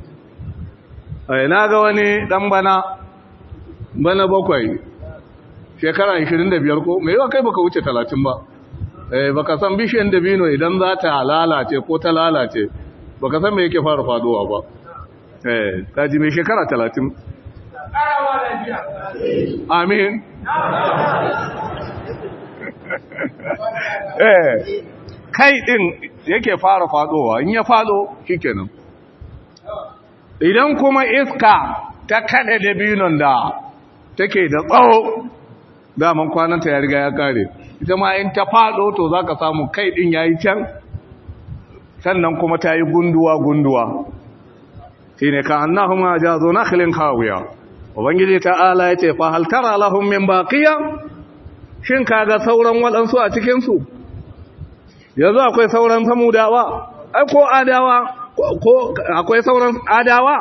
Eh, na ga wani dan bana bana bakwai shekara 25 ko me yawa kai baka wuce 30 ba eh baka san bishiyan dabino idan za ta lalace ko ta lalace baka san me yake fara faduwa ba eh ji me shekara 30 amin eh kai din yake fara fadowa in ya fado shikenan idan kuma iska ta kada dabinon da take da tsawo daman kwananta ya riga ya kare ita ma in ta faɗo to za ka samu kai ɗin ya yi can sannan kuma ta yi gunduwa-gunduwa shi ne ka hannu kuma ja zo na khilin kawuya. ubangiji ta'ala ya ce fa haltara lahun min baƙiya shin ka ga sauran waɗansu a cikinsu yanzu akwai sauran samudawa ai ko adawa ko akwai sauran adawa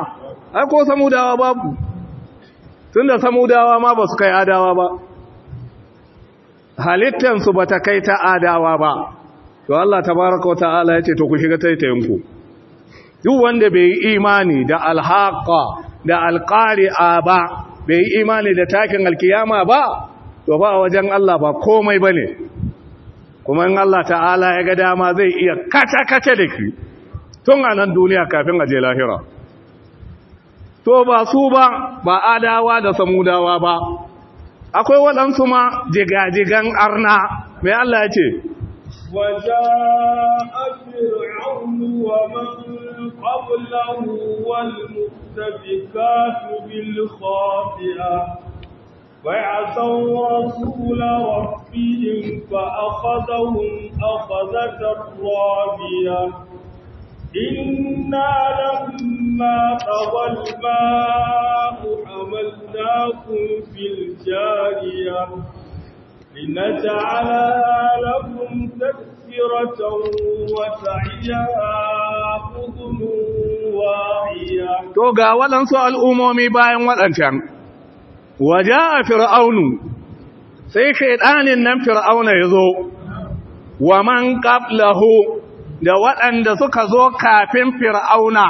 ai ko samudawa babu tunda samudawa ma ba su kai adawa ba halittansu ba ta kai ta adawa ba to Allah tabaraka wa ta'ala ya ce to ku shiga taitayenku duk wanda bai yi imani da alhaqa da alqari'a ba bai imani da takin alkiyama ba to ba wajen Allah ba komai bane kuma in Allah ta'ala ya ga dama zai iya kata-kata da ki tun a nan duniya kafin aje lahira to ba ba ba adawa da samudawa ba akwai waɗansu ma jigajigan arna mai Allah ya ce Wajen a fi ra’unu wa mafi ƙabularu wani da fi ka fi bilkofiya, bai a san wasu إنا لما قضى الماء حملناكم في الجارية لنجعلها لكم تكسرة وتعيها أخذن واعيا. توقع ولنسوا الأمم بايم والأنشان وجاء فرعون سيخيطان النم فرعون يزو ومن قبله da waɗanda suka zo kafin fir'auna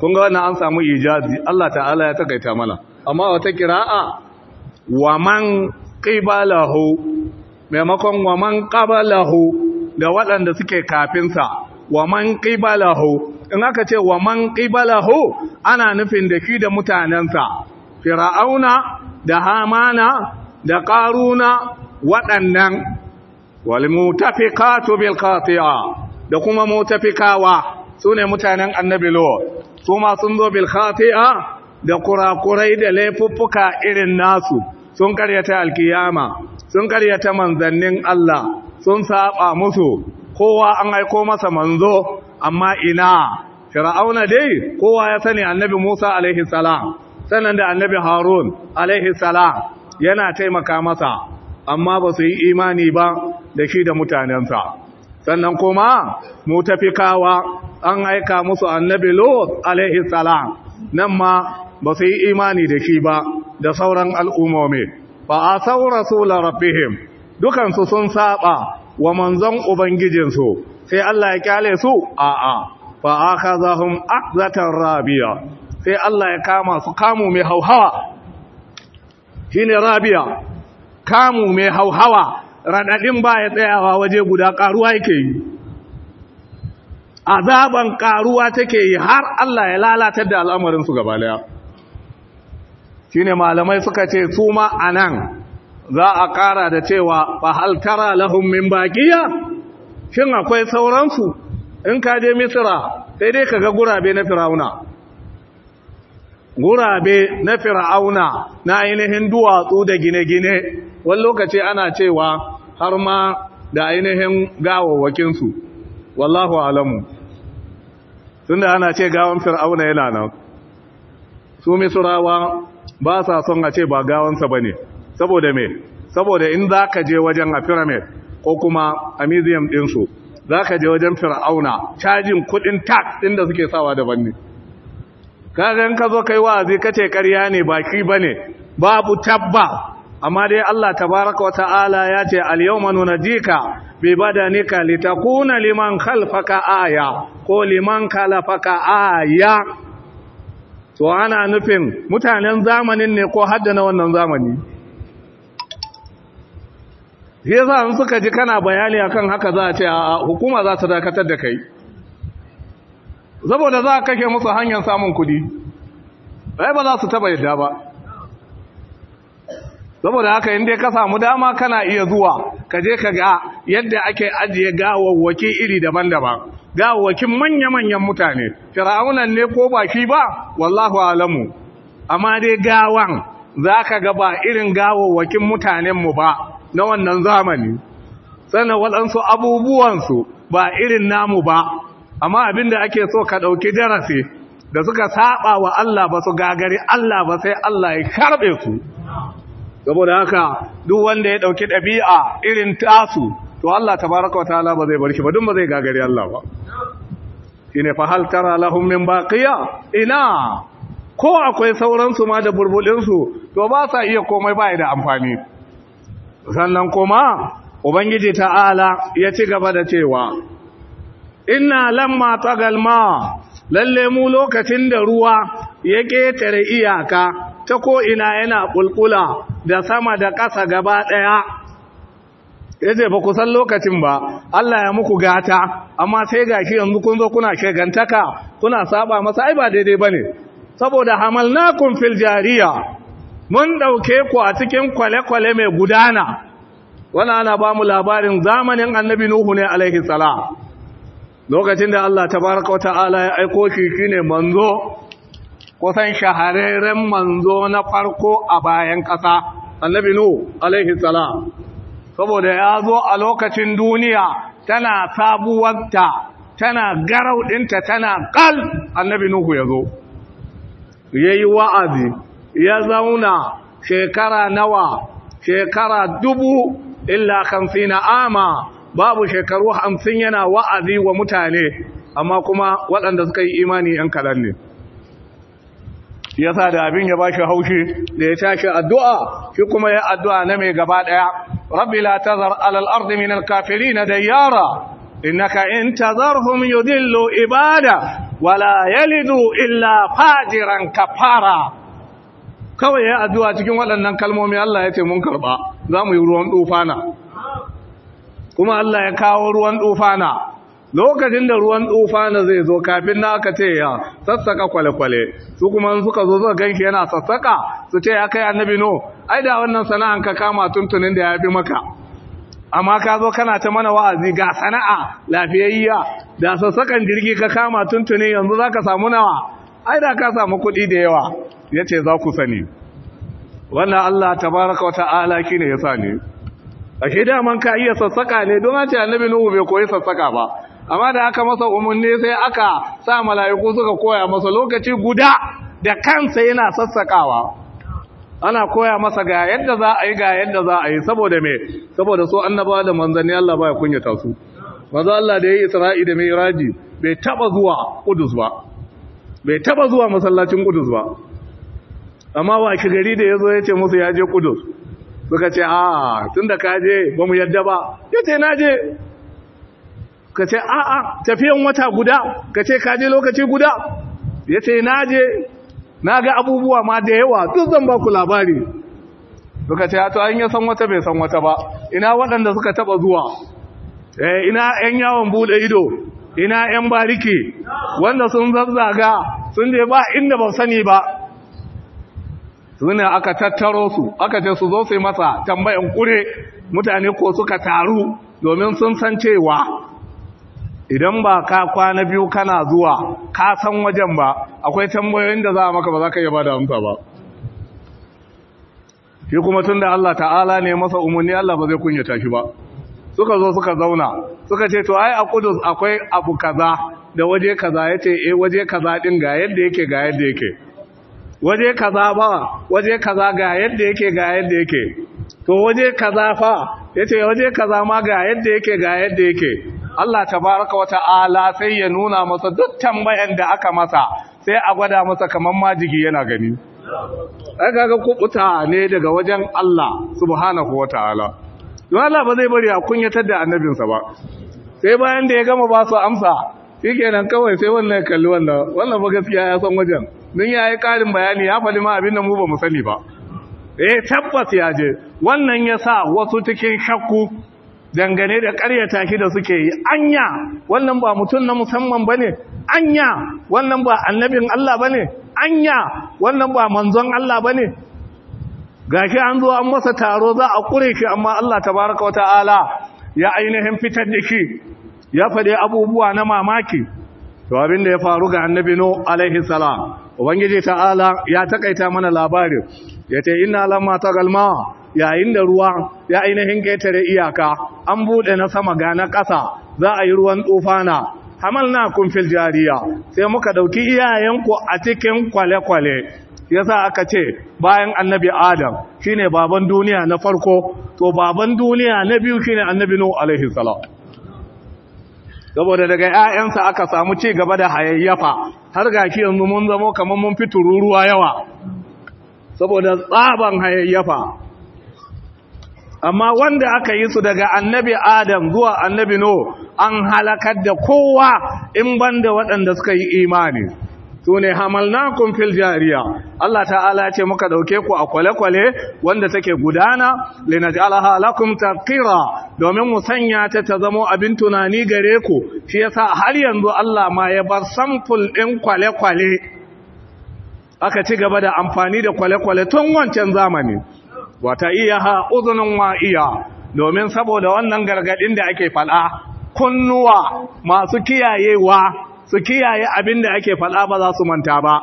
Kunga ga wannan an samu ijazi Allah ta'ala ya takaita mana amma wata a. wa man qibalahu maimakon wa man qabalahu da waɗanda suke kafin sa wa man qibalahu in aka ce wa man qibalahu ana nufin da shi da mutanensa fir'auna da hamana da qaruna waɗannan wal mutafiqatu bil qati'a da kuma mutafikawa su ne mutanen annabi lo su ma sun zo bil khati'a da kurakurai da laifuffuka irin nasu sun karyata alkiyama sun karyata manzannin Allah sun saba musu kowa an aiko masa manzo amma ina fir'auna dai kowa ya sani annabi Musa alaihi salam sannan da annabi Harun alaihi salam yana taimaka masa amma ba su yi imani ba da shi da mutanensa sannan kuma mutafikawa an aika musu annabi lot alaihi salam nan ma ba su yi imani da shi ba da sauran al'ummomi ba a saura sula rabbihim dukansu sun saba wa manzon ubangijinsu sai Allah ya kyale su a'a fa akhazahum akhzatan Rabi'a? sai Allah ya kama su kamu mai hauhawa shine Rabi'a. kamu mai hauhawa raɗaɗin ba ya tsayawa waje guda ƙaruwa yake yi azaban ƙaruwa take yi har Allah ya lalata da al'amarinsu gaba daya shi ne malamai suka ce su ma a nan za a ƙara da cewa ba tara lahun min baƙiya shin akwai sauransu in ka je misira sai dai ka ga gurabe na firauna gurabe na fir'auna na ainihin duwatsu da gine-gine wani lokaci ana cewa har ma da ainihin gawawakinsu wallahu alamu tun da ana ce gawan fir'auna yana nan su misurawa ba sa son a ce ba gawansa ba ne saboda me saboda in za ka je wajen a pyramid ko kuma a museum ɗinsu za ka je wajen fir'auna cajin kudin tax ɗin da suke sawa daban ne kagan ka zo kai wa'azi ka ce ƙarya ne baki ba ne babu tabba amma dai Allah tabaraka wa ta'ala ya ce al-yawma nunjika bi badanika litakuna liman khalfaka aya ko liman khalfaka aya to ana nufin mutanen zamanin ne ko haddana wannan zamani sai za an suka ji kana bayani akan haka za a ce a hukuma za ta dakatar da kai saboda za ka kashe musu hanyar samun kudi ba za su taba yadda ba saboda haka inda ka samu dama kana iya zuwa kaje ka ga yadda ake ajiye gawawwaki iri daban-daban gawawwakin manya-manyan mutane fir'aunan ne ko baki ba wallahu alamu amma dai gawan za ka ga ba irin gawawwakin mutanenmu ba na wannan zamani sana waɗansu abubuwansu ba irin namu ba amma abin da ake so ka ɗauki darasi da suka saba wa Allah ba su gagari Allah ba sai Allah ya karɓe su saboda haka duk wanda ya dauki dabi'a irin tasu to Allah tabaaraka ta'ala ba zai barki ba dun ba zai gagari Allah ba shine fa hal tara lahum min baqiya ina ko akwai sauran su ma da burbulin su to ba sa iya komai ba da amfani sannan kuma ubangiji ta'ala ya ci gaba da cewa inna lamma tagal ma lalle mu lokacin da ruwa ya ƙetare iyaka ta ko ina yana kulkula da sama da ƙasa gaba ɗaya ya ce ba kusan lokacin ba Allah ya muku gata amma sai ga shi yanzu kun zo kuna shagantaka kuna saba masa ai ba daidai ba ne saboda hamalnakum fil jariya mun ɗauke ku a cikin kwale-kwale mai gudana wani ana ba mu labarin zamanin annabi nuhu ne alaihi sala lokacin da Allah tabaraka wa ta'ala ya aiko shi shine manzo kusan shahararren manzo na farko a bayan ƙasa annabi nuhu alaihi salam saboda ya zo a lokacin duniya tana sabuwarta tana garau tana ƙal annabi nuhu ya zo ya yi wa'azi ya zauna shekara nawa shekara dubu illa kamsi na ama babu shekaru hamsin yana wa'azi wa mutane amma kuma waɗanda suka yi imani ‘yan kaɗan ne’ ya sa da abin ya ba shi haushi da ya tashi addu'a shi kuma ya addu'a na mai gaba ɗaya rabbi la zar alal ardi min alkafirin dayyara innaka in tazarhum yudillu ibada wala yalidu illa fajiran kafara kawai ya addu'a cikin waɗannan kalmomi Allah ya ce mun karɓa za mu yi ruwan ɗufana kuma Allah ya kawo ruwan ɗufana lokacin da ruwan tsufa na zai zo kafin na aka ce ya sassaka kwale-kwale su kuma suka zo zuwa ganki yana sassaka su ce ya kai annabi no ai da wannan sana'an ka kama tuntunin da ya fi maka amma ka zo kana ta mana wa'azi ga sana'a lafiyayya da sassakan jirgi ka kama tuntunin yanzu za ka samu nawa ai da ka samu kuɗi da yawa ya ce za ku sani wannan Allah tabaraka wa ta'ala ne ya sani ashe daman ka iya sassaka ne don ce annabi nuhu bai koyi sassaka ba amma da aka masa umarni sai aka sa mala'iku suka koya masa lokaci guda da kansa yana sassakawa ana koya masa ga yadda za a yi ga yadda za a yi saboda me saboda so annabawa da manzanni Allah ba ya kunyata su manzo Allah da yayi Isra'i da Mi'raj bai taba zuwa Qudus ba bai taba zuwa masallacin Qudus ba amma wa ki gari da yazo yace musu yaje je Qudus suka ce a tunda ka je bamu yadda ba yace na je ka ce a'a tafiyan wata guda ka ce ka je lokaci guda ya ce na je na ga abubuwa ma da yawa duk zan ba ku labari suka ce to an yi san wata bai san wata ba ina waɗanda suka taɓa zuwa eh, ina 'yan yawon buɗe ido ina 'yan bariki wanda sun zazzaga sun je ba inda ba sani ba sune aka tattaro su aka ce su zo su masa tambayan kure mutane ko suka taru domin sun san cewa idan ba ka kwana biyu kana zuwa ka san wajen ba akwai tambayoyin da za a maka ba za ka iya bada da amsa ba shi kuma tun da Allah ta'ala ne masa umarni Allah ba zai kunyata shi ba suka zo suka zauna suka ce to ai a kudus akwai abu kaza da waje kaza ya ce eh waje kaza din ga yadda yake ga yadda yake waje kaza ba waje kaza ga yadda yake ga yadda yake to waje kaza fa yace waje kaza ma ga yadda yake ga yadda yake Allah wata wata'ala sai ya nuna masa duk tambayan da aka masa sai a gwada masa kaman majigi yana gani ai kaga kubuta ne daga wajen Allah subhanahu wata'ala don Allah ba zai bari a kunyatar da annabinsa ba sai bayan da ya gama ba su amsa shikenan kawai sai wannan kalli wannan wannan ba gaskiya ya san wajen Mun yayi karin bayani ya faɗi ma abin da mu ba mu sani ba eh tabbas ya je wannan yasa wasu cikin shakku dangane da ƙaryata ki da suke yi anya wannan ba mutum na musamman ba anya wannan ba annabin Allah ba ne anya wannan ba manzon Allah bane gashi an zo an masa taro za a kure shi amma Allah tabaraka wa ta'ala ya ainihin fitar da shi ya faɗi abubuwa na mamaki to abin da ya faru ga annabi no alaihi salam ubangiji ta'ala ya takaita mana labarin ya ce ina lamma ta galma yayin da ruwa ya ainihin ƙetare iyaka an buɗe na sama ga na ƙasa za a yi ruwan tsufana Hamal na fil jariya sai muka ɗauki iyayenku a cikin kwale-kwale Ya sa aka ce bayan annabi adam shine baban duniya na farko to baban duniya na biyu shine annabi nuhu alaihi saboda daga 'ya'yansa aka samu ci gaba da hayayyafa har ga shi yanzu mun zamo kamar mun fi tururuwa yawa saboda tsaban hayayyafa amma wanda aka yi su daga annabi adam zuwa annabi no an halakar da kowa in banda waɗanda suka yi imani su ne hamalnakun fil jariya Allah ta'ala ce muka ɗauke ku a kwale-kwale wanda take gudana linaj'alaha ta taqira domin musanya ta ta zamo abin tunani gare ku shi yasa har yanzu Allah ma ya bar samful ɗin kwale-kwale aka ci gaba da amfani da kwale-kwale tun wancan zamani wata iya ha uzunin wa iya domin saboda wannan gargadin da ake fada kunnuwa masu kiyayewa su kiyaye abin da ake fada ba za su manta ba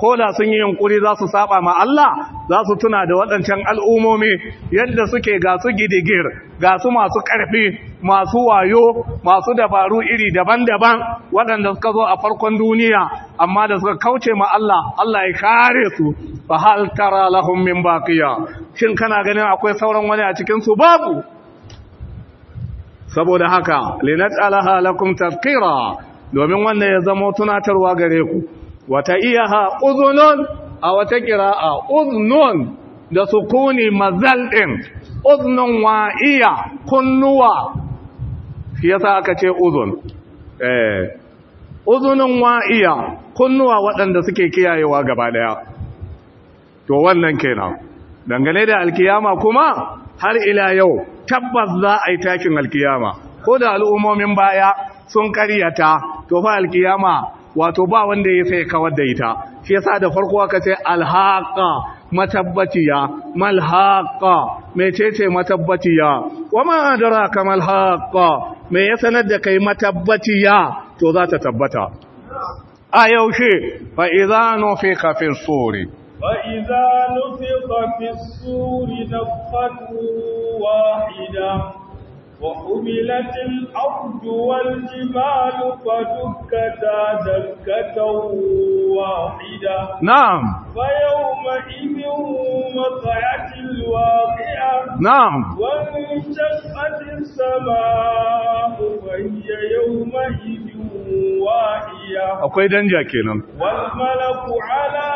ko da sun yi yunkuri za su saba ma Allah za su tuna da waɗancan al'umomi yadda suke ga su gidigir ga su masu ƙarfi masu wayo masu dabaru iri daban-daban waɗanda suka zo a farkon duniya amma da suka kauce ma Allah Allah ya kare su ba hal tara baƙiya shin kana ganin akwai sauran wani a cikin su babu saboda haka domin wannan ya zama tunatarwa gare ku wata iya ha uzunon a wata kira'a uzunon da sukuni mazal din uzunon wa iya kunnuwa shi yasa aka ce uzun eh, wa iya kunnuwa waɗanda suke kiyayewa gaba daya to wannan kenan dangane da alkiyama kuma har ila yau tabbas za a yi takin alkiyama ko da al'ummomin baya sun karyata to fa alkiyama wato ba wanda ya sai kawar da ita shi yasa da farko aka ce alhaqa matabbaciya malhaqa mecece matabbaciya wama adraka malhaqa me ya sanar da kai matabbaciya to za ta tabbata a yaushe fa idza nufiqa fi suri fa idza nufiqa fi suri nafatu wahida وحملت الأرض والجبال فدكتا دكة واحدة نعم فيومئذ وقعت الواقعة نعم وانشقت السماء فهي يومئذ واهية أقوي دنجا كينا والملك على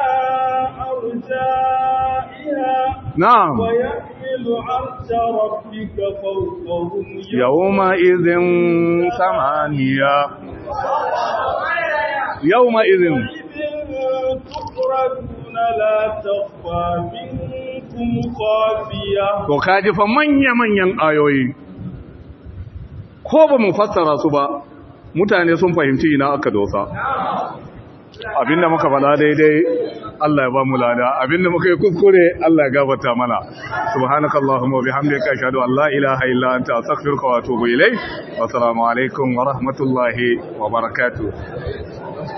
أرجائها نعم ويأتي يحمل عرش ربك فوقهم يومئذ ثمانية يومئذ تقردون لا تخفى منكم خافية وكاد فمن يمن ينقايوي ko ba mu fassara su ba mutane sun abinda muka faɗa daidai Allah ya ba mu lada abinda muka yi kuskure Allah ya gabata mana subhanakallahumma wa bihamdika ashhadu an la ilaha illa anta astaghfiruka wa atubu ilayk wa assalamu alaikum wa rahmatullahi wa barakatuh